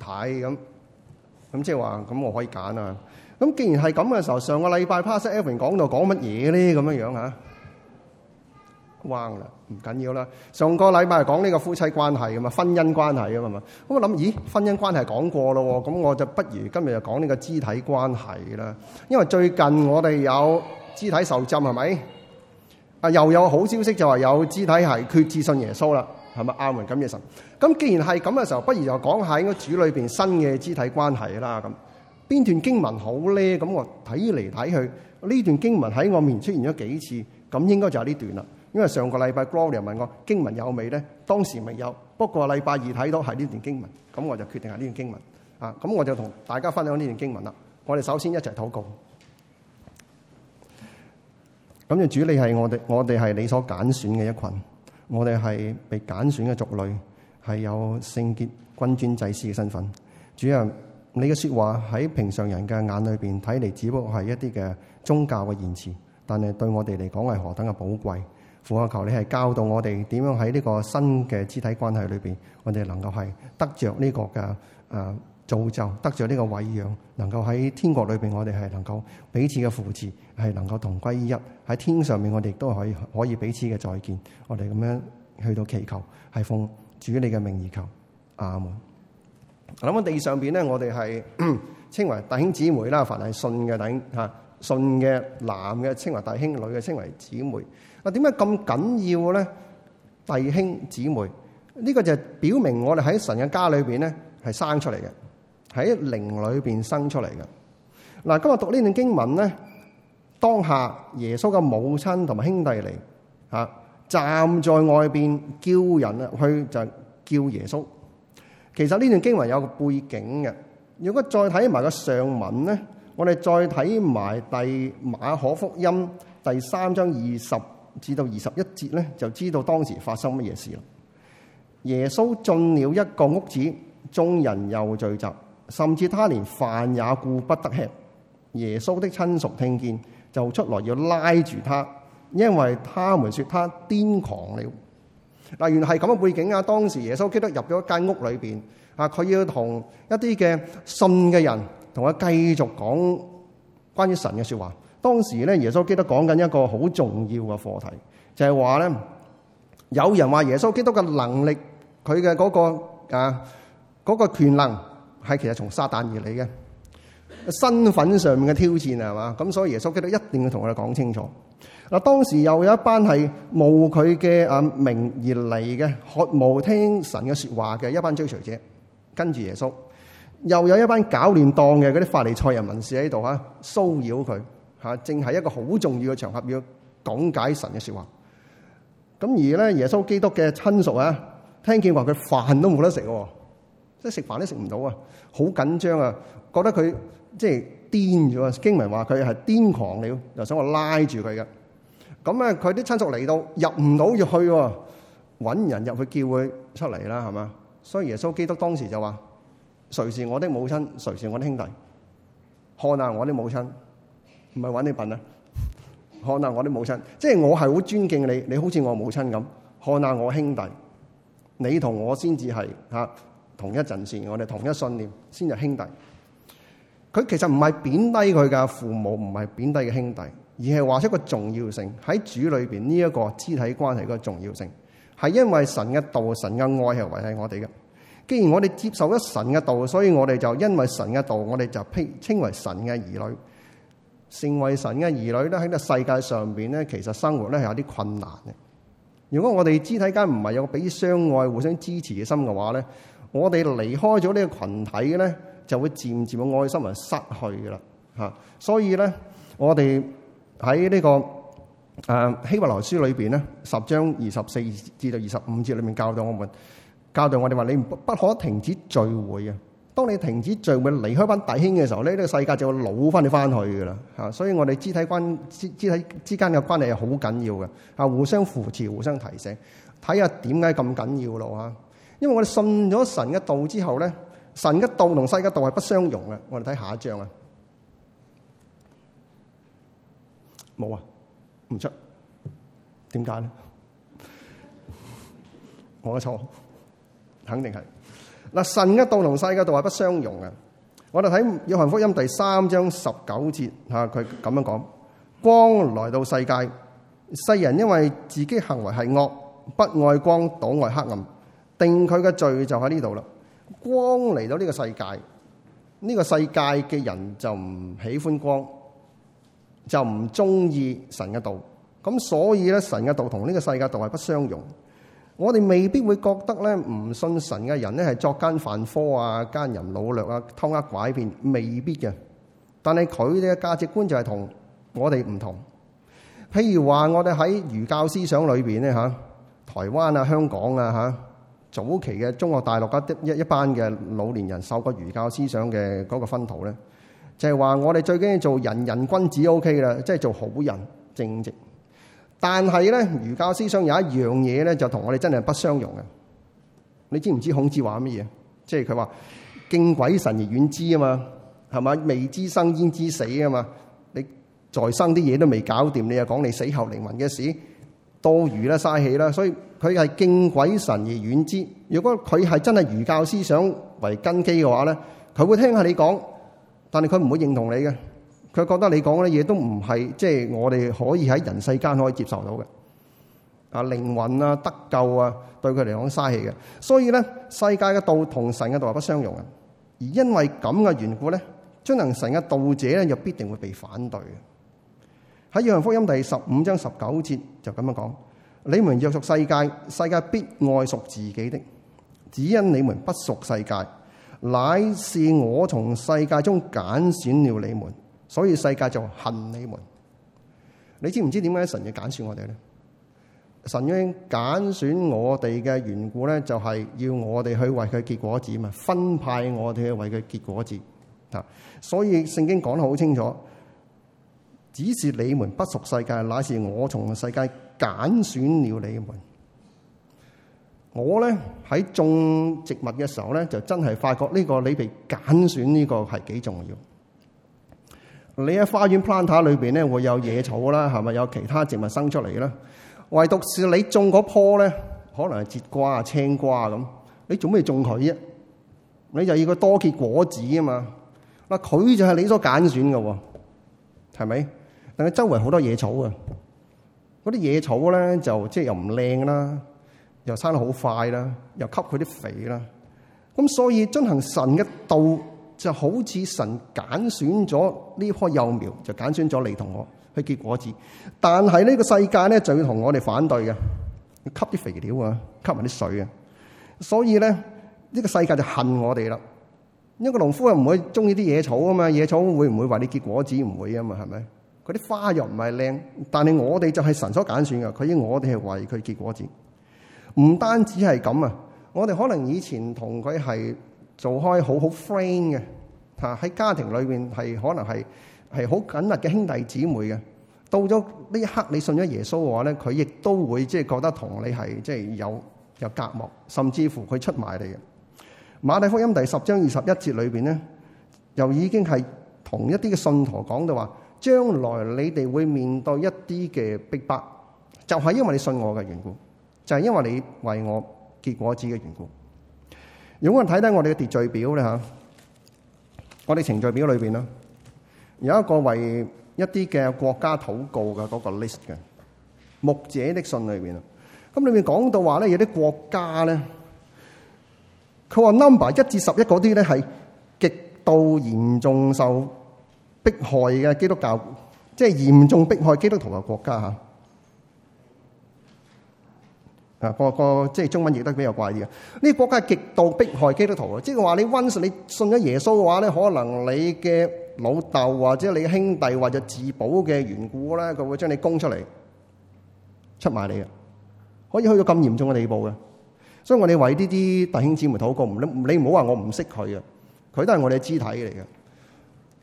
睇咁咁即係話，咁我可以揀啊。咁既然係咁嘅時候，上個禮拜 Pastor Evan 講到講乜嘢咧？咁樣樣吓，啱啦，唔緊要啦。上個禮拜係講呢個夫妻關係噶嘛，婚姻關係噶嘛。咁我諗咦，婚姻關係講過咯，咁我就不如今日就講呢個肢體關係啦。因為最近我哋有肢體受浸係咪啊？又有好消息就話有肢體係決志信耶穌啦。係咪亞門咁嘅神？咁既然係咁嘅時候，不如就講下喺個主裏邊新嘅肢體關係啦。咁邊段經文好咧？咁我睇嚟睇去，呢段經文喺我面前出現咗幾次，咁應該就係呢段啦。因為上個禮拜 Gloria 又問我經文有未咧？當時未有，不過禮拜二睇到係呢段經文，咁我就決定係呢段經文。啊，咁我就同大家分享呢段經文啦。我哋首先一齊禱告。咁就主理係我哋，我哋係你所揀選嘅一群。我哋係被揀選嘅族類，係有聖潔君尊祭司嘅身份。主啊，你嘅説話喺平常人嘅眼裏邊睇嚟，只不過係一啲嘅宗教嘅言辭，但係對我哋嚟講係何等嘅寶貴。俯下求你係教導我哋點樣喺呢個新嘅肢體關係裏邊，我哋能夠係得着呢個嘅誒。呃造就得著呢個餵養，能夠喺天國裏邊，我哋係能夠彼此嘅扶持，係能夠同歸於一喺天上面。我哋亦都可以可以彼此嘅再見。我哋咁樣去到祈求，係奉主你嘅名而求，阿們！咁喺地上邊咧，我哋係稱為弟兄姊妹啦。凡係信嘅弟兄嚇，信嘅男嘅稱為弟兄，女嘅稱為姊妹。嗱，點解咁緊要咧？弟兄姊妹呢個就係表明我哋喺神嘅家裏邊咧，係生出嚟嘅。喺靈裏邊生出嚟嘅。嗱，今日讀呢段經文咧，當下耶穌嘅母親同埋兄弟嚟吓，站在外邊叫人啊，去就叫耶穌。其實呢段經文有個背景嘅。如果再睇埋個上文咧，我哋再睇埋第馬可福音第三章二十至到二十一節咧，就知道當時發生乜嘢事啦。耶穌進了一個屋子，眾人又聚集。甚至他連飯也顧不得吃。耶穌的親屬聽見，就出來要拉住他，因為他們說他癲狂了。嗱，原來係咁嘅背景啊。當時耶穌基督入咗一間屋裏邊啊，佢要同一啲嘅信嘅人同佢繼續講關於神嘅說話。當時咧，耶穌基督講緊一個好重要嘅課題，就係話咧，有人話耶穌基督嘅能力，佢嘅嗰個啊嗰個權能。係其實從撒旦而嚟嘅身份上面嘅挑戰啊，係嘛？咁所以耶穌基督一定要同佢哋講清楚。嗱，當時又有一班係無佢嘅啊名而嚟嘅、毫無聽神嘅說話嘅一班追隨者跟住耶穌，又有一班搞亂檔嘅嗰啲法利賽人、文士喺度吓騷擾佢吓，正係一個好重要嘅場合要講解神嘅說話。咁而咧，耶穌基督嘅親屬啊，聽見話佢飯都冇得食喎。即係食飯都食唔到啊！好緊張啊！覺得佢即係癲咗啊！經文話佢係癲狂了，又想我拉住佢嘅咁啊。佢啲親屬嚟到入唔到入去喎，揾人入去叫佢出嚟啦，係嘛？所以耶穌基督當時就話：誰是我的母親？誰是我的兄弟？看下我的母親，唔係揾你笨啊！看下我的母親，即係我係好尊敬你，你好似我母親咁。看下我兄弟，你同我先至係吓。同一陣線，我哋同一信念先係兄弟。佢其實唔係貶低佢嘅父母，唔係貶低嘅兄弟，而係話出個重要性喺主裏面呢一個肢體關係嘅重要性。係因為神嘅道、神嘅愛係維係我哋嘅。既然我哋接受咗神嘅道，所以我哋就因為神嘅道，我哋就稱為神嘅兒女。成為神嘅兒女咧，喺個世界上面咧，其實生活咧係有啲困難嘅。如果我哋肢體間唔係有俾相愛、互相支持嘅心嘅話咧，我哋離開咗呢個羣體咧，就會漸漸嘅愛心人失去噶啦嚇。所以咧，我哋喺呢個誒、啊、希伯來書裏邊咧，十章二十四至到二十五節裏面教導我們，教導我哋話：你唔不可停止聚會啊！當你停止聚會，離開班弟兄嘅時候咧，呢個世界就會老翻你翻去噶啦嚇。所以我哋肢體關，肢肢體之間嘅關係係好緊要嘅啊，互相扶持，互相提醒，睇下點解咁緊要咯嚇。因為我哋信咗神嘅道之後呢，神嘅道同世界嘅道係不相容嘅。我哋睇下一章沒有啊，冇啊，唔出點解呢？我嘅錯肯定係，嗱，神嘅道同世界嘅道係不相容嘅。我哋睇約翰福音第三章十九節，佢咁樣講，光來到世界，世人因為自己行為是惡，不愛光，倒愛黑暗。定佢嘅罪就喺呢度啦。光嚟到呢個世界，呢個世界嘅人就唔喜歡光，就唔中意神嘅道。咁所以咧，神嘅道同呢個世界道係不相容。我哋未必會覺得咧，唔信神嘅人咧係作奸犯科啊、奸淫擄掠啊、偷呃拐騙，未必嘅。但係佢哋嘅價值觀就係同我哋唔同。譬如話我哋喺儒教思想裏邊咧吓，台灣啊、香港啊吓。早期嘅中國大陸嗰一一班嘅老年人受過儒教思想嘅嗰個熏陶咧，就係、是、話我哋最緊要是做仁人君子 O K 噶啦，即係做好人正直。但係咧，儒教思想有一樣嘢咧，就同我哋真係不相容嘅。你知唔知孔子話乜嘢？即係佢話敬鬼神而遠之啊嘛，係咪「未知生焉知死」啊嘛？你在生啲嘢都未搞掂，你又講你死後靈魂嘅事？多餘啦，嘥氣啦，所以佢係敬鬼神而遠之。如果佢係真係儒教思想為根基嘅話咧，佢會聽下你講，但係佢唔會認同你嘅。佢覺得你講嗰啲嘢都唔係即係我哋可以喺人世間可以接受到嘅啊，靈魂啊，得救啊，對佢嚟講嘥氣嘅。所以咧，世界嘅道同神嘅道係不相容嘅。而因為咁嘅緣故咧，將能神嘅道者咧，又必定會被反對。喺《約翰福音》第十五章十九節就咁樣講：你們若屬世界，世界必愛屬自己的；只因你們不屬世界，乃是我從世界中揀選了你們，所以世界就恨你們。你知唔知點解神要揀選我哋咧？神要揀選我哋嘅緣故咧，就係要我哋去為佢結果子嘛，分派我哋去為佢結果子。所以聖經講得好清楚。只是你們不屬世界，乃是我從世界揀選了你們。我咧喺種植物嘅時候咧，就真係發覺呢個你被揀選呢個係幾重要。你喺花園 plant 塔裏邊咧，會有野草啦，係咪有其他植物生出嚟啦？唯獨是你種嗰棵咧，可能係節瓜啊、青瓜咁，你做咩種佢啊？你就要佢多結果子啊嘛。嗱，佢就係你所揀選嘅喎，係咪？但係周圍好多野草啊！嗰啲野草咧就即係又唔靚啦，又生得好快啦，又吸佢啲肥啦。咁所以進行神嘅道就好似神揀選咗呢棵幼苗，就揀選咗你同我去結果子。但係呢個世界咧就要同我哋反對嘅，要吸啲肥料啊，吸埋啲水啊。所以咧呢個世界就恨我哋啦。因為農夫又唔會中意啲野草啊嘛，野草會唔會話你結果子唔會啊嘛，係咪？佢啲花又唔係靚，但係我哋就係神所揀選嘅。佢以我哋係為佢結果子，唔單止係咁啊！我哋可能以前同佢係做開好好 friend 嘅吓，喺家庭裏邊係可能係係好緊密嘅兄弟姊妹嘅。到咗呢一刻，你信咗耶穌嘅話咧，佢亦都會即係覺得同你係即係有有隔膜，甚至乎佢出賣你。馬太福音第十章二十一節裏邊咧，又已經係同一啲嘅信徒講到話。將來你哋會面對一啲嘅逼迫，就係、是、因為你信我嘅緣故，就係、是、因為你為我結果子嘅緣故。有冇人睇睇我哋嘅秩序表咧吓，我哋程序表裏邊啦，有一個為一啲嘅國家禱告嘅嗰個 list 嘅，牧者的信裏邊啊，咁裏面講到話咧，有啲國家咧，佢話 number 一至十一嗰啲咧係極度嚴重受。迫害嘅基督教，即係嚴重迫害基督徒嘅國家吓。啊，個個即係中文譯得比較怪啲嘅，呢個國家係極度迫害基督徒嘅，即係話你溫信你信咗耶穌嘅話咧，可能你嘅老豆或者你嘅兄弟或者自保嘅緣故咧，佢會將你供出嚟，出賣你嘅，可以去到咁嚴重嘅地步嘅。所以我哋為呢啲弟兄姊妹禱告，唔你唔好話我唔識佢啊，佢都係我哋嘅肢體嚟嘅。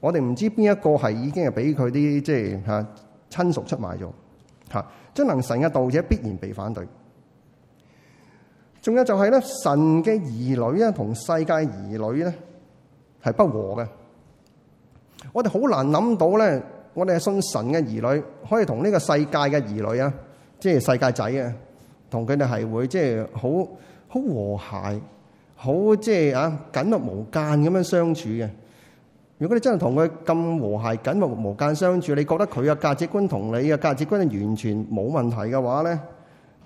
我哋唔知邊一個係已經係俾佢啲即係吓親屬出賣咗，吓真能神嘅道者必然被反對。仲有就係咧，神嘅兒女啊，同世界兒女咧係不和嘅。我哋好難諗到咧，我哋係信神嘅兒女可以同呢個世界嘅兒女啊，即係世界仔啊，同佢哋係會即係好好和諧，好即係啊緊密無間咁樣相處嘅。如果你真係同佢咁和諧緊密無間相處，你覺得佢嘅價值觀同你嘅價值觀係完全冇問題嘅話呢，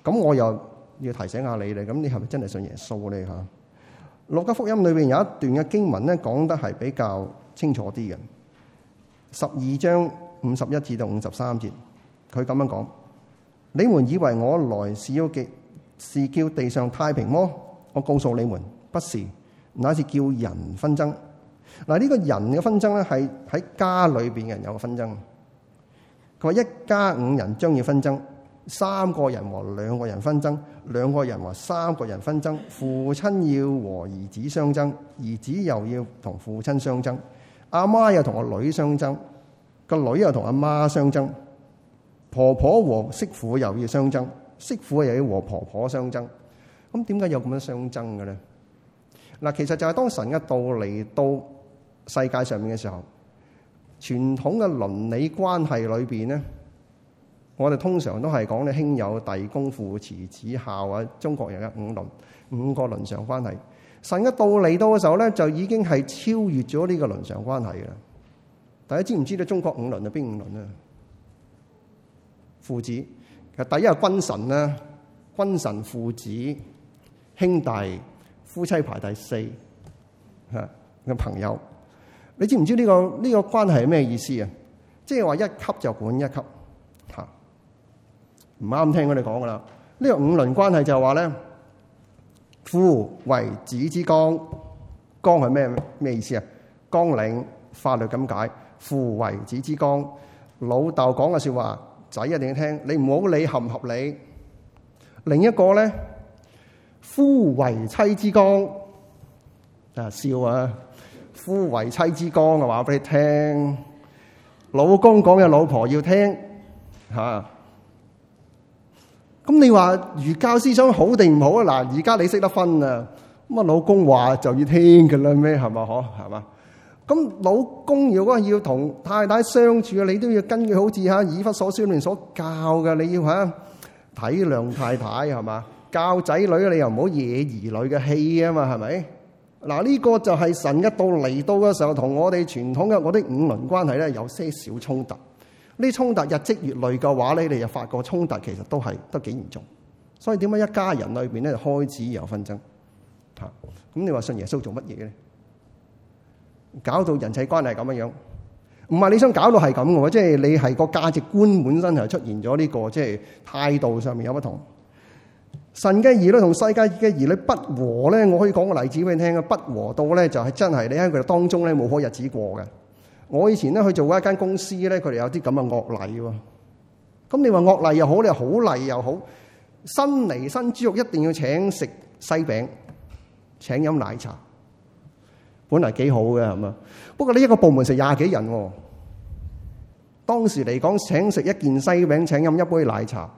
咁我又要提醒下你咧，咁你係咪真係信耶穌咧吓？《路加福音》裏面有一段嘅經文呢講得係比較清楚啲嘅，十二章五十一至到五十三節，佢咁樣講：「你們以為我來是要叫是叫地上太平麼？我告訴你們，不是，乃是叫人紛爭。嗱、這、呢個人嘅紛爭咧，係喺家裏邊嘅人有個紛爭。佢話一家五人將要紛爭，三個人和兩個人紛爭，兩個人和三個人紛爭。父親要和兒子相爭，兒子又要同父親相爭。阿媽，媽又同個女相爭，個女又同阿媽，媽相爭。婆婆和媳婦又要相爭，媳婦又要和婆婆相爭。咁點解有咁樣相爭嘅咧？嗱，其實就係當神嘅道嚟到。世界上面嘅時候，傳統嘅倫理關係裏邊咧，我哋通常都係講你兄友弟恭、父慈子孝啊。中國人嘅五倫、五個倫常關係。神一到嚟到嘅時候咧，就已經係超越咗呢個倫常關係嘅。大家知唔知道中國五倫係邊五倫啊？父子，第一係君臣啦，君臣、父子、兄弟、夫妻，排第四嚇嘅朋友。你知唔知呢、這個呢，這個關係係咩意思啊？即係話一級就管一級，吓，唔啱聽佢哋講噶啦。呢、這個五倫關係就係話咧，父為子之綱，綱係咩咩意思啊？綱領法律咁解。父為子之綱，老豆講嘅說話，仔一定要聽，你唔好理合唔合理。另一個咧，夫為妻之綱，啊笑啊！夫為妻之綱啊，話俾你聽，嗱、這、呢個就係神一到嚟到嘅時候，同我哋傳統嘅我哋五倫關係咧，有些少衝突。呢衝突日積月累嘅話咧，你就發覺衝突其實都係得幾嚴重。所以點解一家人裏邊咧開始有紛爭？嚇咁你話信耶穌做乜嘢咧？搞到人際關係咁樣樣，唔係你想搞到係咁嘅喎？即係你係個價值觀本身係出現咗呢個，即係態度上面有不同。神嘅兒女同世界嘅兒女不和咧，我可以講個例子俾你聽啊！不和到咧就係、是、真係你喺佢哋當中咧冇好日子過嘅。我以前咧去做過一間公司咧，佢哋有啲咁嘅惡例喎。咁、嗯、你話惡例又好，你好例又好，新嚟新豬肉一定要請食西餅，請飲奶茶。本嚟幾好嘅係嘛？不過呢一個部門成廿幾人喎、哦，當時嚟講請食一件西餅，請飲一杯奶茶。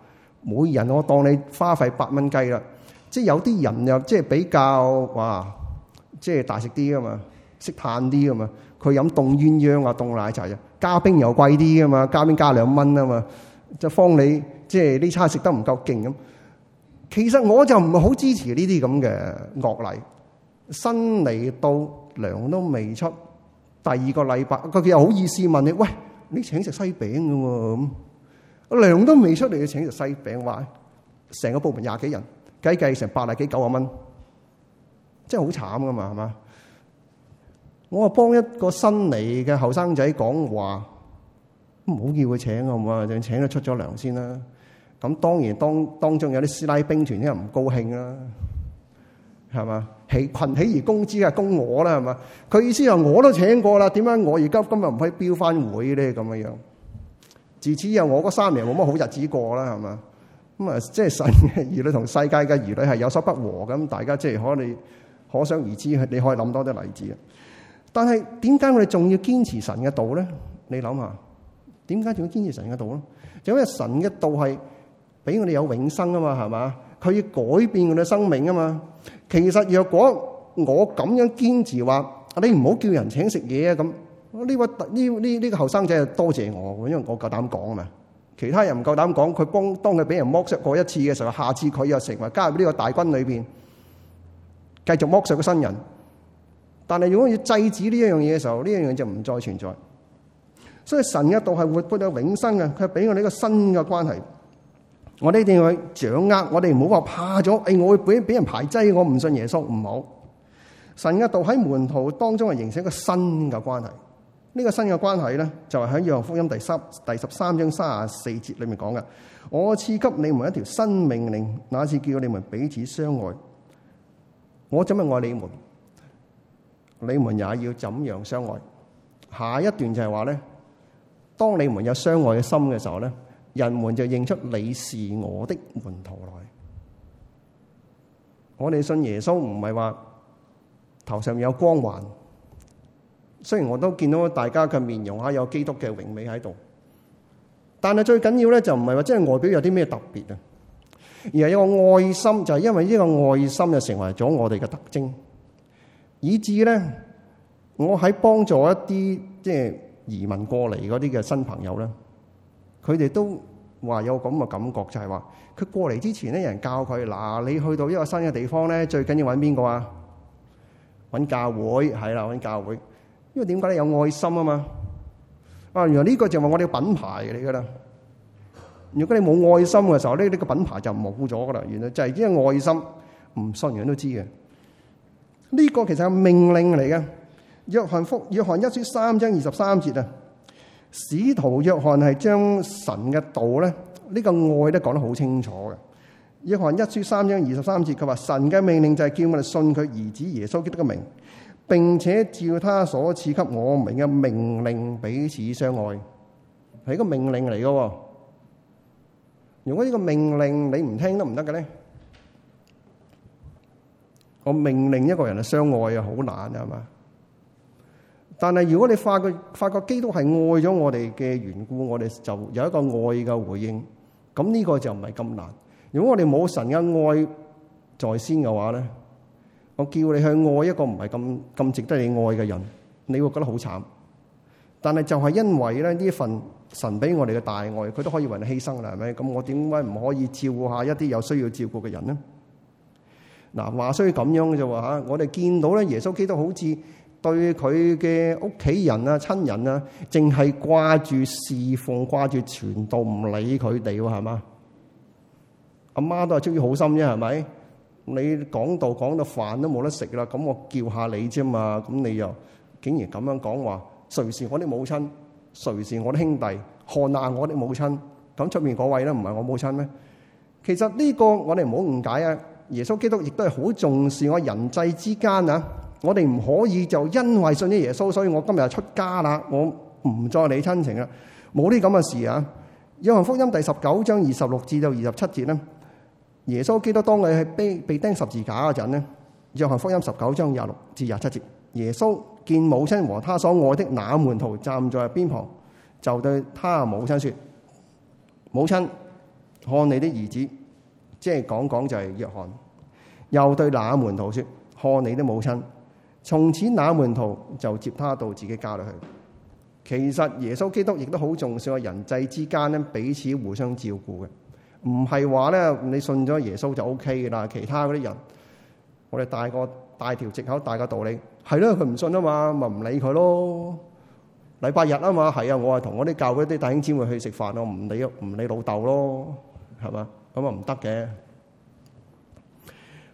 每人我當你花費八蚊雞啦，即係有啲人又即係比較哇，即係大食啲啊嘛，識嘆啲啊嘛，佢飲凍鴛鴦啊，凍奶茶啊，加冰又貴啲啊嘛，加冰加兩蚊啊嘛，就方你即係呢餐食得唔夠勁咁。其實我就唔係好支持呢啲咁嘅惡例，新嚟到糧都未出，第二個禮拜佢又好意思問你喂，你請食西餅嘅喎咁。我糧都未出嚟，要請隻細餅話，成個部門廿幾人，計計成八廿幾九萬蚊，真係好慘噶嘛，係嘛？我啊幫一個新嚟嘅後生仔講話，唔好叫佢請啊嘛，就請佢出咗糧先啦。咁當然當當中有啲師奶兵團啲人唔高興啦，係嘛？起群起而攻之係攻我啦，係嘛？佢意思係我都請過啦，點解我而家今日唔可以標翻會咧？咁樣樣。自此以後，我嗰三年冇乜好日子過啦，係嘛？咁、嗯、啊，即係神嘅兒女同世界嘅兒女係有所不和，咁大家即係可能你可想而知，你可以諗多啲例子啊。但係點解我哋仲要堅持神嘅道咧？你諗下，點解仲要堅持神嘅道咧？就因為神嘅道係俾我哋有永生啊嘛，係嘛？佢要改變我哋生命啊嘛。其實若果我咁樣堅持話，你唔好叫人請食嘢啊咁。呢位呢呢呢個後生仔啊，多、這個這個、謝，謝我，因為我夠膽講啊嘛。其他人唔夠膽講，佢幫當佢俾人剝削過一次嘅時候，下次佢又成為加入呢個大軍裏邊，繼續剝削個新人。但係如果要制止呢一樣嘢嘅時候，呢樣嘢就唔再存在。所以神嘅道係活潑到永生嘅，佢俾我哋一個新嘅關係。我哋一定要掌握，我哋唔好話怕咗，誒、哎、我會俾俾人排擠，我唔信耶穌唔好。神嘅道喺門徒當中係形成一個新嘅關係。呢個新嘅關係咧，就係喺《約翰福音》第三第十三章三十四節裏面講嘅。我賜給你們一條新命令，乃是叫你們彼此相愛。我怎樣愛你們，你們也要怎樣相愛。下一段就係話咧，當你們有相愛嘅心嘅時候咧，人們就認出你是我的門徒來。我哋信耶穌唔係話頭上面有光環。雖然我都見到大家嘅面容嚇有基督嘅榮美喺度，但係最緊要咧就唔係話即係外表有啲咩特別啊，而係有一個愛心就係、是、因為呢個愛心就成為咗我哋嘅特徵，以至咧我喺幫助一啲即係移民過嚟嗰啲嘅新朋友咧，佢哋都話有咁嘅感覺，就係話佢過嚟之前咧，有人教佢嗱你去到一個新嘅地方咧，最緊要揾邊個啊？揾教會係啦，揾教會。因為點解你有愛心啊嘛，啊原來呢個就係我哋嘅品牌嚟噶啦。如果你冇愛心嘅時候咧，呢個品牌就冇咗噶啦。原來就係因為愛心，唔信人都知嘅。呢個其實係命令嚟嘅。約翰福音約翰一書三章二十三節啊，使徒約翰係將神嘅道咧，呢個愛咧講得好清楚嘅。約翰一書三章二十三節，佢話神嘅命令就係叫我哋信佢兒子耶穌基督嘅名。並且照他所賜給我們嘅命令彼此相愛，係一個命令嚟㗎。如果呢個命令你唔聽都唔得嘅咧，我命令一個人去相愛啊，好難啊嘛。但係如果你發覺發覺基督係愛咗我哋嘅緣故，我哋就有一個愛嘅回應。咁呢個就唔係咁難。如果我哋冇神嘅愛在先嘅話咧？我叫你去愛一個唔係咁咁值得你愛嘅人，你會覺得好慘。但係就係因為咧呢一份神俾我哋嘅大愛，佢都可以為你犧牲啦，係咪？咁我點解唔可以照顧下一啲有需要照顧嘅人呢？嗱，話雖咁樣嘅啫喎，吓，我哋見到咧，耶穌基督好似對佢嘅屋企人啊、親人啊，淨係掛住侍奉、掛住傳道，唔理佢哋喎，係嘛？阿媽都係出於好心啫，係咪？你講道講到飯都冇得食啦，咁我叫下你啫嘛，咁你又竟然咁樣講話，誰是我的母親，誰是我的兄弟，看下我的母親？咁出面嗰位咧，唔係我母親咩？其實呢個我哋唔好誤解啊，耶穌基督亦都係好重視我人際之間啊，我哋唔可以就因為信咗耶穌，所以我今日出家啦，我唔再理親情啦，冇啲咁嘅事啊！《約翰福音》第十九章二十六至到二十七節咧。耶穌基督當佢係被被釘十字架嗰陣咧，《約翰福音》十九章廿六至廿七節，耶穌見母親和他所愛的那門徒站在邊旁，就對他母親說：母親，看你的兒子。即係講講就係約翰。又對那門徒說：看你的母親。從此那門徒就接他到自己家裏去。其實耶穌基督亦都好重視人際之間咧彼此互相照顧嘅。唔係話咧，你信咗耶穌就 OK 嘅啦。其他嗰啲人，我哋大個大條藉口，大個道理，係咯，佢唔信啊嘛，咪唔理佢咯。禮拜日啊嘛，係啊，我係同我啲教嗰啲弟兄姊妹去食飯咯，唔理唔理老豆咯，係嘛？咁啊唔得嘅。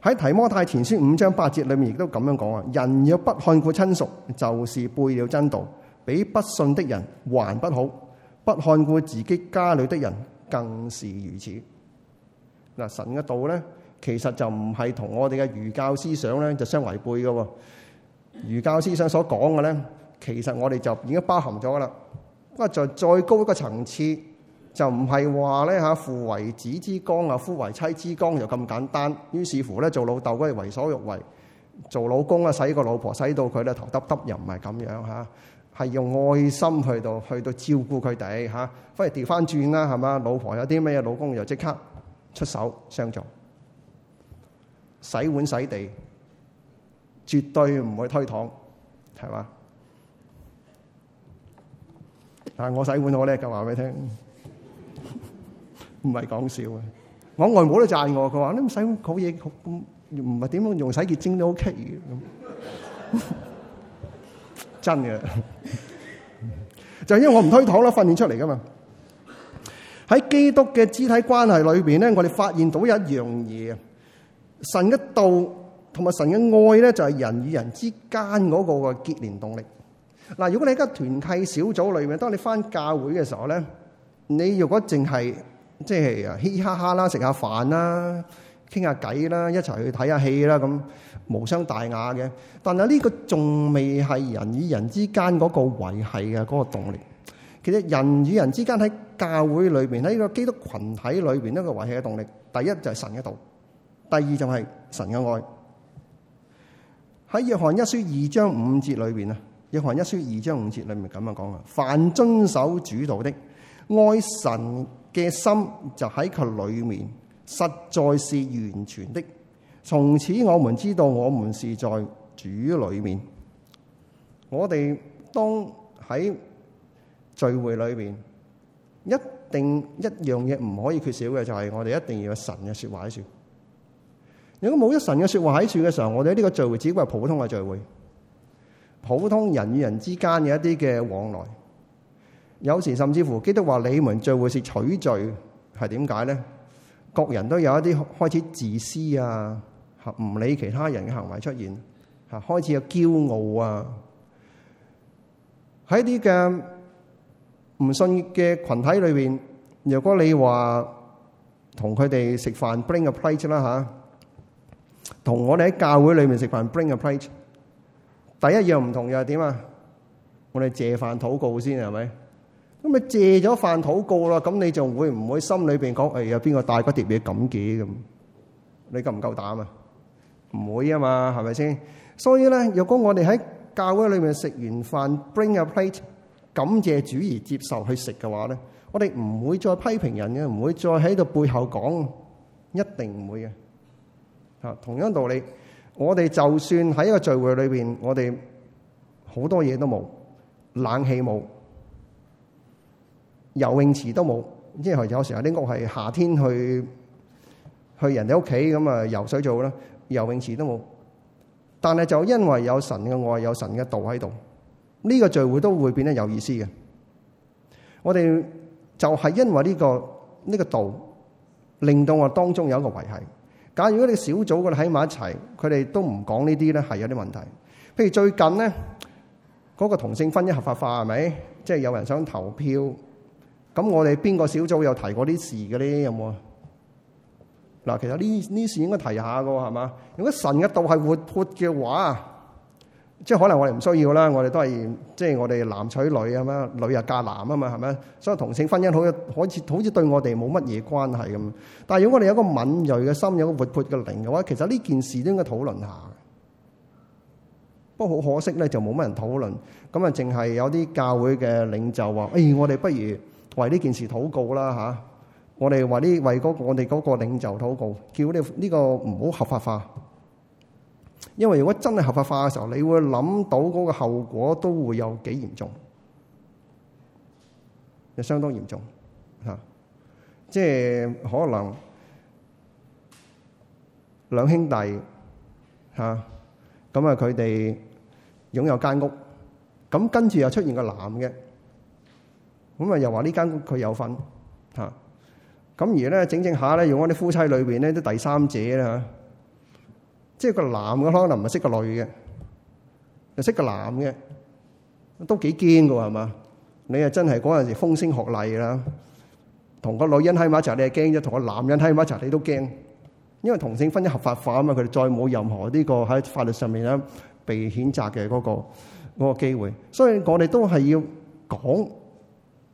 喺提摩太前書五章八節裏面亦都咁樣講啊：人若不看顧親屬，就是背了真道，比不信的人還不好。不看顧自己家裏的人。更是如此。嗱，神嘅道呢，其實就唔係同我哋嘅儒教思想呢就相違背嘅。儒教思想所講嘅呢，其實我哋就已經包含咗噶啦。不過就再高一個層次，就唔係話呢吓，「父為子之綱」啊，「夫為妻之綱」就咁簡單。於是乎呢，做老豆嗰係為所欲為，做老公啊，使個老婆使到佢咧頭耷耷，又唔係咁樣吓。係用愛心去到去到照顧佢哋嚇，返嚟調翻轉啦，係嘛？老婆有啲咩嘢，老公又即刻出手相助，洗碗洗地，絕對唔會推搪，係嘛？ 但係我洗碗好叻嘅，話俾你聽，唔係講笑嘅，我外母都讚我，佢話：你唔洗碗好嘢，唔唔係點樣用洗潔精都 OK 嘅 真嘅。就係、因為我唔推搪啦，訓練出嚟噶嘛。喺基督嘅肢體關係裏面咧，我哋發現到一樣嘢啊！神嘅道同埋神嘅愛咧，就係人與人之間嗰個嘅結連動力。嗱，如果你喺間團契小組裏面，當你翻教會嘅時候咧，你如果淨係即係啊嘻嘻哈哈啦，食下飯啦，傾下偈啦，一齊去睇下戲啦咁。無傷大雅嘅，但係呢個仲未係人與人之間嗰個維繫嘅嗰個動力。其實人與人之間喺教會裏邊，喺個基督群體裏邊呢個維繫嘅動力，第一就係神嘅道，第二就係神嘅愛。喺約翰一書二章五節裏邊啊，約翰一書二章五節裏面咁樣講啊，凡遵守主道的，愛神嘅心就喺佢裏面，實在是完全的。從此我們知道我們是在主裏面。我哋當喺聚會裏面，一定一樣嘢唔可以缺少嘅就係我哋一定要有神嘅説話喺處。如果冇咗神嘅説話喺處嘅時候，我哋呢個聚會只不過係普通嘅聚會，普通人與人之間嘅一啲嘅往來。有時甚至乎，基督話你們聚會是取罪，係點解咧？各人都有一啲開始自私啊！唔理其他人嘅行為出現，嚇開始有驕傲啊！喺啲嘅唔信嘅群體裏邊，如果你話同佢哋食飯，bring a plate 啦嚇；同我哋喺教會裏面食飯，bring a plate。第一樣唔同又係點啊？我哋借飯禱告先係咪？咁你借咗飯禱告啦，咁你就會唔會心裏邊講：哎呀，有邊個帶嗰碟嘢咁嘅咁？你夠唔夠膽啊？唔會啊嘛，係咪先？所以咧，若果我哋喺教會裏面食完飯，bring a plate，感謝主而接受去食嘅話咧，我哋唔會再批評人嘅，唔會再喺度背後講，一定唔會嘅。啊，同樣道理，我哋就算喺一個聚會裏邊，我哋好多嘢都冇，冷氣冇，游泳池都冇，即係有時候啲屋係夏天去去人哋屋企咁啊游水做啦。游泳池都冇，但係就因為有神嘅愛，有神嘅道喺度在這裏，呢、這個聚會都會變得有意思嘅。我哋就係因為呢、這個呢、這個道，令到我當中有一個維繫。假如果你小組嘅喺埋一齊，佢哋都唔講呢啲咧，係有啲問題。譬如最近咧，嗰、那個同性婚姻合法化係咪？即係有人想投票，咁我哋邊個小組有提過啲事嘅咧？有冇啊？嗱，其實呢呢事應該提下噶，係嘛？如果神嘅道係活潑嘅話，即係可能我哋唔需要啦。我哋都係即係我哋男娶女啊嘛，女又嫁男啊嘛，係咪？所以同性婚姻好似，好似好似對我哋冇乜嘢關係咁。但係如果我哋有個敏鋭嘅心，有個活潑嘅靈嘅話，其實呢件事都應該討論下。不過好可惜咧，就冇乜人討論。咁啊，淨係有啲教會嘅領袖話：「哎，我哋不如為呢件事禱告啦，嚇。我哋話啲為嗰我哋嗰個領袖禱告，叫你呢個唔好合法化。因為如果真係合法化嘅時候，你會諗到嗰個後果都會有幾嚴重，係相當嚴重嚇、啊。即係可能兩兄弟嚇，咁啊，佢哋擁有間屋，咁跟住又出現個男嘅，咁啊又話呢間屋佢有份嚇。啊咁而咧，整整下咧，用嗰啲夫妻裏邊咧，啲第三者啦嚇，即係個男嘅可能唔係識個女嘅，又識個男嘅，都幾驚㗎係嘛？你係真係嗰陣時風聲學例啦，同個女人喺埋一齊你係驚啫，咁同個男人喺埋一齊你都驚，因為同性婚姻合法化啊嘛，佢哋再冇任何呢個喺法律上面咧被譴責嘅嗰個嗰個機會，所以我哋都係要講，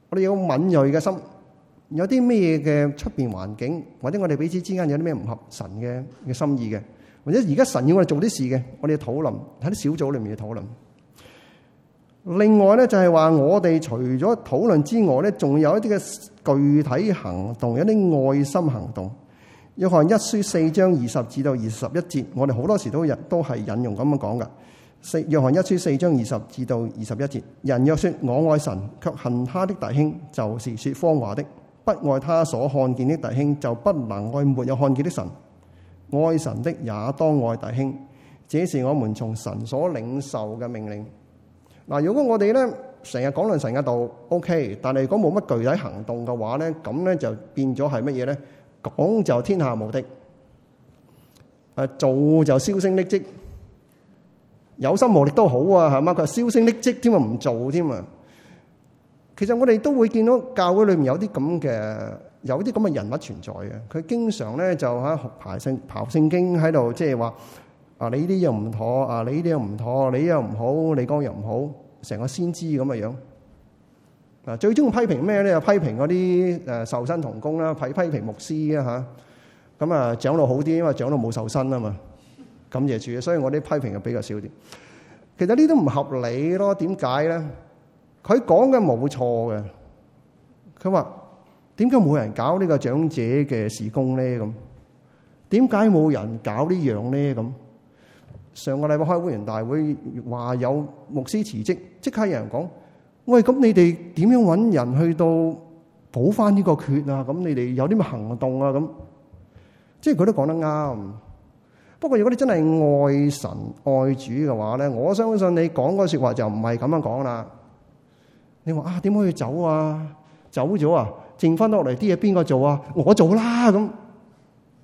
我哋要敏鋭嘅心。有啲咩嘅出面環境，或者我哋彼此之間有啲咩唔合神嘅嘅心意嘅，或者而家神要我哋做啲事嘅，我哋要討論喺啲小組裏面要討論。另外呢，就係話，我哋除咗討論之外呢，仲有一啲嘅具體行動，有啲愛心行動。約翰一書四章二十至到二十一節，我哋好多時都都係引用咁樣講嘅。約翰一書四章二十至到二十一節，人若說我愛神，卻恨他的弟兄，就是説謊話的。不愛他所看見的弟兄，就不能愛沒有看見的神。愛神的也當愛弟兄，這是我們從神所領受嘅命令。嗱，如果我哋咧成日講論神嘅道，OK，但係如果冇乜具體行動嘅話咧，咁咧就變咗係乜嘢咧？講就天下無敵，誒，做就銷聲匿迹，有心無力都好啊，係咪啊？佢話銷聲匿迹添啊，唔做添啊！其實我哋都會見到教會裏面有啲咁嘅，有啲咁嘅人物存在嘅。佢經常咧就喺排聖刨聖經喺度，即係話啊，你呢啲又唔妥，啊你呢啲又唔妥，你又唔好，你講又唔好，成個先知咁嘅樣。嗱，最終批評咩咧？又批評嗰啲誒受薪同工啦，批批評牧師啊吓。咁啊長老好啲，因為長老冇受薪啊嘛。感謝主，所以我啲批評就比較少啲。其實呢都唔合理咯，點解咧？佢講嘅冇錯嘅。佢話點解冇人搞呢個長者嘅事工咧？咁點解冇人搞呢樣咧？咁上個禮拜開會員大會，話有牧師辭職，即刻有人講：喂，咁你哋點樣揾人去到補返呢個缺啊？咁你哋有啲乜行動啊？咁即係佢都講得啱。不過如果你真係愛神愛主嘅話咧，我相信你講嗰説話就唔係咁樣講啦。你話啊，點可以走啊？走咗啊？剩翻落嚟啲嘢邊個做啊？我做啦咁。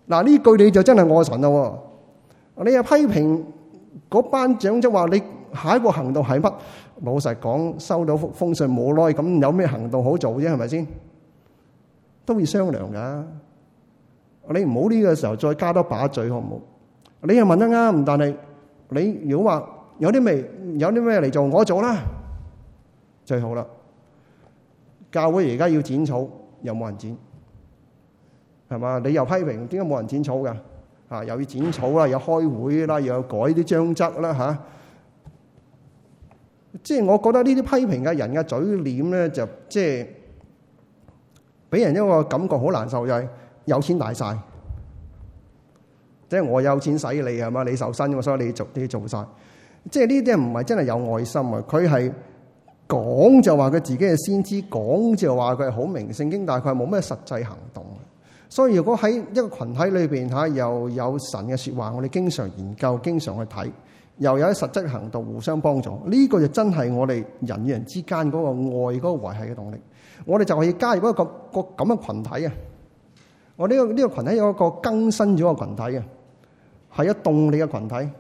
嗱，呢句你就真係愛神啦。你又批評嗰班長，即係話你下一個行動係乜？老實講，收到封信冇耐，咁有咩行動好做啫？係咪先？都要商量噶。你唔好呢個時候再加多把嘴好唔好？你又問得啱，但係你如果話有啲未有啲咩嚟做，我做啦。最好啦！教會而家要剪草，又冇人剪係嘛？你又批評，點解冇人剪草㗎？嚇，又要剪草啦，又開會啦，又有改啲章則啦，吓，即係我覺得呢啲批評嘅人嘅嘴臉咧，就即係俾人一個感覺好難受，就係「有錢大晒」，即係我有錢使你係嘛？你受身，所以你做都做晒。即係呢啲唔係真係有愛心啊，佢係。講就話佢自己係先知，講就話佢係好明聖經，但係佢係冇咩實際行動。所以如果喺一個群體裏邊吓，又有神嘅說話，我哋經常研究，經常去睇，又有啲實質行動，互相幫助，呢個就真係我哋人與人之間嗰個愛嗰個維繫嘅動力。我哋就可以加入一個個咁嘅群體啊！我呢個呢個群體有一個更新咗嘅群體啊，係一動力嘅群體，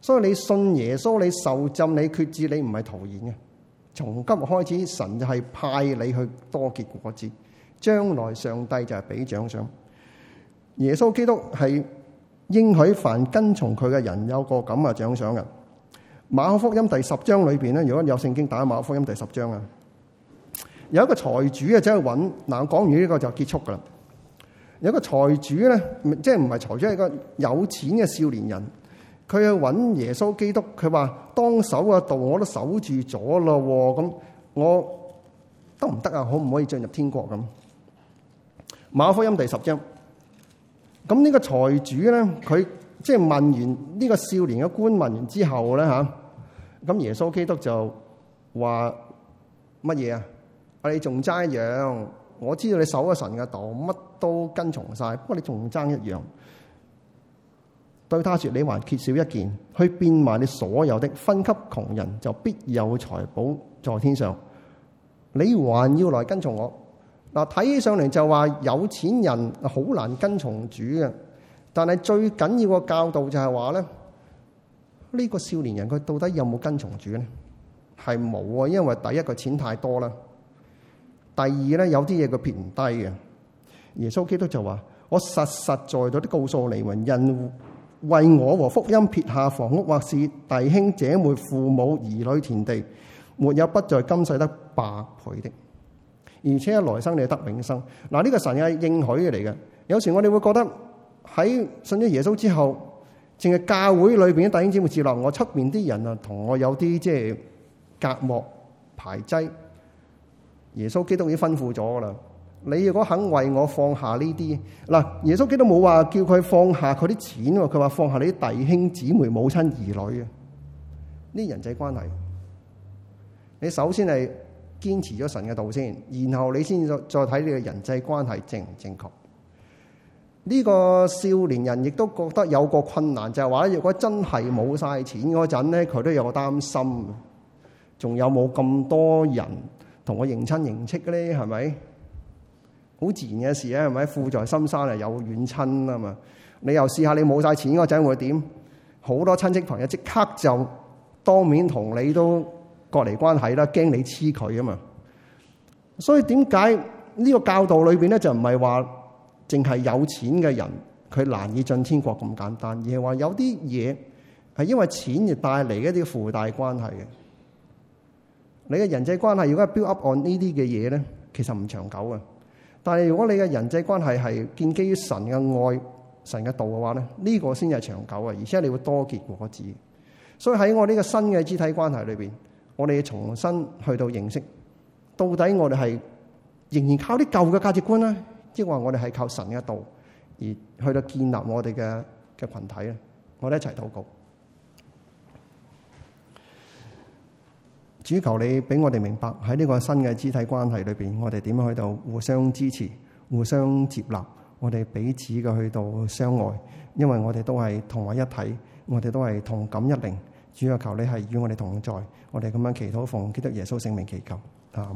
所以你信耶穌，你受浸，你決志，你唔係徒然嘅。從今日開始，神就係派你去多結果子，將來上帝就係俾獎賞。耶穌基督係應許凡跟從佢嘅人有個咁嘅獎賞嘅。馬可福音第十章裏邊咧，如果有聖經打馬可福音第十章啊，有一個財主啊走去搵。嗱，我講完呢個就結束噶啦。有一個財主咧，即係唔係財主，係一個有錢嘅少年人。佢去揾耶穌基督，佢話：當守嘅道我都守住咗啦，咁我得唔得啊？可唔可以進入天國？咁，馬可福音第十章，咁呢個財主咧，佢即係問完呢個少年嘅官問完之後咧嚇，咁耶穌基督就話乜嘢啊？啊你仲爭一樣，我知道你守咗神嘅道，乜都跟從晒，不過你仲爭一樣。對他説：你還缺少一件，去變賣你所有的，分給窮人，就必有財寶在天上。你還要來跟從我嗱。睇起上嚟就話有錢人好難跟從主嘅，但係最緊要個教導就係話咧，呢、這個少年人佢到底有冇跟從主呢？係冇啊，因為第一個錢太多啦，第二咧有啲嘢佢撇唔低嘅。耶穌基督就話：我實實在在的告訴你雲人。為我和福音撇下房屋，或是弟兄姐妹、父母、兒女、田地，沒有不在今世得百倍的。而且來生你係得永生。嗱，呢個神係應許嘅嚟嘅。有時我哋會覺得喺信咗耶穌之後，淨係教會裏邊嘅弟兄姊妹接納我，出面啲人啊，同我有啲即係隔膜排擠。耶穌基督已經吩咐咗啦。你如果肯為我放下呢啲，嗱，耶穌基督冇話叫佢放下佢啲錢喎，佢話放下你啲弟兄姊妹、母親、兒女啊，呢人際關係。你首先係堅持咗神嘅道先，然後你先再睇你嘅人際關係正唔正確。呢個少年人亦都覺得有個困難就係話咧，如果真係冇晒錢嗰陣咧，佢都有個擔心，仲有冇咁多人同我認親認戚咧？係咪？好自然嘅事咧，係咪富在深山啊，有遠親啊嘛？你又試下，你冇晒錢嗰陣會點？好多親戚朋友即刻就當面同你都割離關係啦，驚你黐佢啊嘛。所以點解呢個教導裏面咧就唔係話淨係有錢嘅人佢難以進天國咁簡單，而係話有啲嘢係因為錢而帶嚟一啲附帶關係嘅。你嘅人際關係如果係 build up on 呢啲嘅嘢咧，其實唔長久嘅。但係如果你嘅人際關係係建基於神嘅愛、神嘅道嘅話咧，呢、這個先係長久啊，而且你會多結果子。所以喺我呢個新嘅肢體關係裏邊，我哋要重新去到認識，到底我哋係仍然靠啲舊嘅價值觀咧，即係話我哋係靠神嘅道而去到建立我哋嘅嘅羣體咧，我哋一齊禱告。主，求你俾我哋明白喺呢個新嘅肢體關係裏面，我哋點樣去到互相支持、互相接納，我哋彼此嘅去到相愛，因為我哋都係同為一體，我哋都係同感一靈。主要求你係與我哋同在，我哋咁樣祈禱，奉基督耶穌聖名祈求，阿